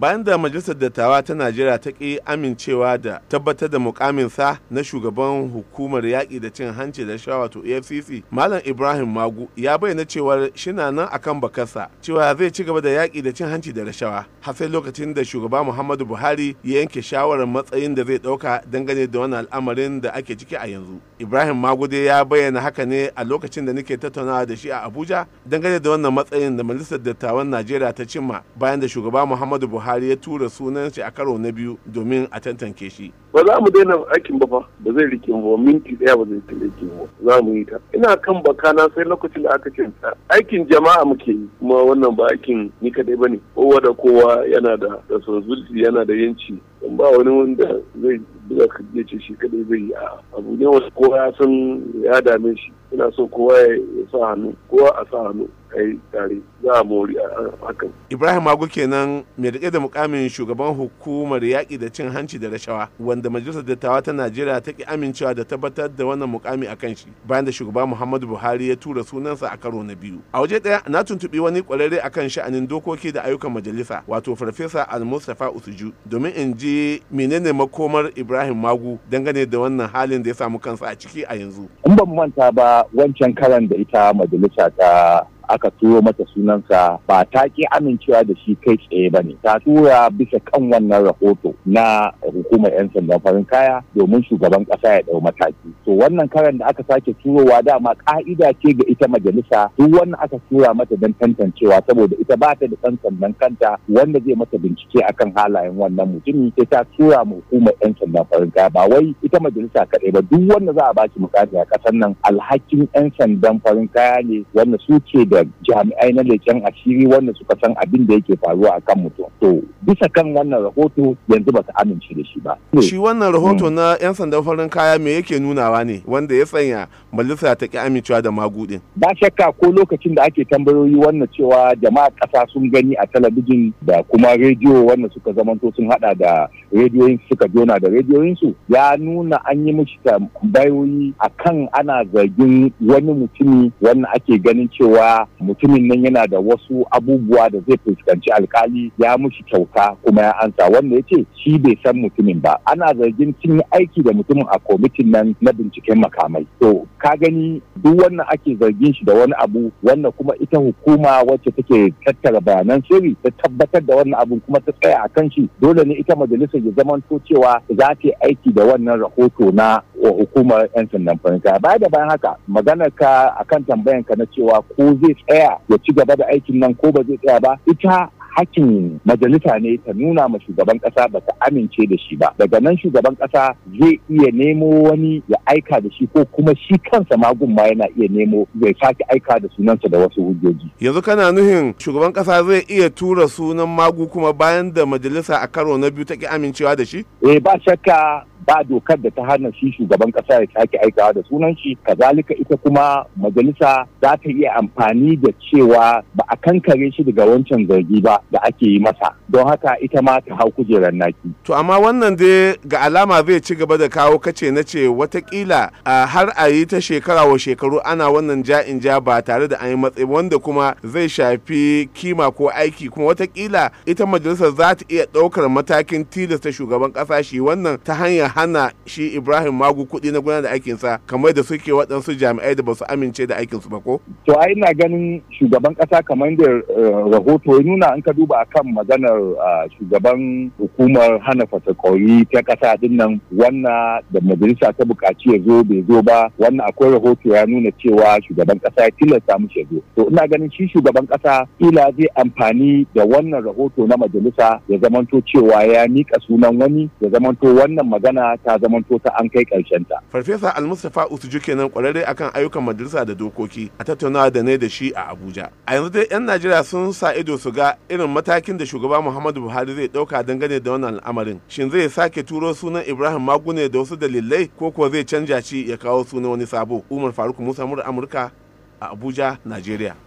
bayan da majalisar dattawa ta najeriya ta ƙi amincewa da tabbatar da mukaminsa na shugaban hukumar yaƙi da cin hanci da shawa to efcc malam ibrahim magu ya bayyana cewar shina nan akan bakarsa cewa zai ci gaba da yaƙi da cin hanci da rashawa har sai lokacin da shugaba muhammadu buhari ya yanke shawarar matsayin da zai ɗauka dangane da wani al'amarin da ake ciki a yanzu ibrahim Magu dai ya bayyana haka ne a lokacin da nake tattaunawa da shi a abuja dangane da wannan matsayin da majalisar dattawan najeriya ta cimma bayan da shugaba muhammadu buhari buhari ya tura sunan shi a karo na biyu domin a tantance shi ba za mu daina aikin ba fa ba zai rike ba minti daya ba zai rike ba za mu yi ta ina kan bakana sai lokacin da aka ce aikin jama'a muke yi kuma wannan ba aikin ni kadai bane kowa da kowa yana da responsibility yana da yanci in ba wani wanda zai buga je ce shi kadai zai yi a abu ne wasu kowa ya san ya dame shi ina so kowa ya sa hannu kowa a sa hannu Ai tare za a mori hakan. Ibrahim Magu kenan mai rike da mukamin shugaban hukumar yaƙi da cin hanci da rashawa wanda majalisar dattawa ta Najeriya ta ki amincewa da tabbatar da wannan mukami a kan shi bayan da shugaba Muhammadu Buhari ya tura sunansa a karo na biyu. A waje ɗaya na tuntuɓi wani ƙwararre akan sha'anin dokoki da ayyukan majalisa wato Farfesa Al-Mustapha Usuju domin in ji menene makomar Ibrahim Magu dangane da wannan halin da ya samu kansa a ciki a yanzu. In ban manta ba wancan karan da ita majalisa ta aka turo mata sunansa ba ta ki amincewa da shi kai tsaye ba ne ta tura bisa kan wannan rahoto na hukumar 'yan sandan farin kaya domin shugaban ƙasa ya dau mataki to wannan karan da aka sake turowa dama ka'ida ce ga ita majalisa duk wannan aka tura mata don tantancewa saboda ita ba ta da ɗan sandan kanta wanda zai mata bincike akan halayen wannan mutumi sai ta tura ma hukumar 'yan sandan farin kaya ba wai ita majalisa kaɗai ba duk wanda za a ba shi mukami a ƙasar nan alhakin 'yan sandan farin kaya ne wanda su ce da da jami'ai na leken asiri wanda suka san abin da yake faruwa akan mutum to bisa kan wannan rahoto yanzu ba ta amince da shi ba shi wannan rahoto na yan sandan farin kaya me yake nunawa ne wanda ya sanya majalisa ta ki amincewa da magudin ba shakka ko lokacin da ake tambayoyi wannan cewa jama'a ƙasa sun gani a talabijin da kuma rediyo wanda suka zamanto sun hada da rediyoyin suka jona da rediyoyin su ya nuna an yi mishi tambayoyi akan ana zargin wani mutumi wanda ake ganin cewa mutumin nan yana da wasu abubuwa da zai fuskanci alkali ya mushi kyauta kuma ya ansa wanda ya ce shi bai san mutumin ba ana zargin cinye aiki da mutumin a kwamitin nan na binciken makamai to ka gani duk wannan ake zargin shi da wani abu wannan kuma ita hukuma wacce take tattara bayanan sirri ta tabbatar da wannan abun kuma ta tsaya a kan shi dole ne ita majalisar ya zamanto cewa za ta yi aiki da wannan rahoto na hukumar 'yan sandan kaya. baya da bayan haka maganar ka akan tambayan ka na cewa ko zai zai tsaya ya ci gaba da aikin nan ko ba zai tsaya ba ita hakkin majalisa ne ta nuna ma shugaban kasa ba ta amince da shi ba daga nan shugaban kasa zai iya nemo wani ya aika da shi ko kuma shi kansa magun ma yana iya nemo zai sake aika da sunansa da wasu hujjoji yanzu kana nuhin shugaban kasa zai iya tura sunan magu kuma bayan da majalisa a karo na biyu ta ki amincewa da shi eh ba shakka ba dokar da ta hana shi shugaban kasa ya sake aikawa da sunan shi kazalika ita kuma majalisa za ta iya amfani da cewa ba a kankare shi daga wancan zargi ba da ake yi masa don haka ita ma ta hau kujerar naki to amma wannan dai ga alama zai ci gaba da kawo kace na ce watakila har a yi ta shekara wa shekaru ana wannan ja in ja ba tare da an yi matsayi wanda kuma zai shafi kima ko aiki kuma watakila ita majalisar za ta iya ɗaukar matakin tilasta shugaban kasa shi wannan ta hanyar hana shi ibrahim magu kuɗi na gudanar da aikinsa kamar da suke waɗansu jami'ai da ba su amince da aikinsu ba ko to a ina ganin shugaban ƙasa kamar da eh, rahoto ya nuna an ka duba akan maganar shugaban hukumar hana fasakori ta ƙasa din nan wannan da majalisa ta buƙaci ya zo bai zo ba wannan akwai rahoto ya nuna cewa shugaban ƙasa ya tilasta mu shi zo to ina ganin shi shugaban ƙasa kila zai amfani da wannan rahoto na majalisa ya zamanto cewa ya mika sunan wani ya zamanto wannan magana magana ta zamanto ta an kai karshen ta farfesa almustapha usuju kenan kwararre akan ayyukan majalisa da dokoki a tattaunawa da ne da shi a abuja a yanzu dai yan najeriya sun sa ido su ga irin matakin da shugaba muhammadu buhari zai dauka dangane da wannan al'amarin shin zai sake turo sunan ibrahim magune da wasu dalilai ko ko zai canja shi ya kawo sunan wani sabo umar faruk musa mura amurka a abuja najeriya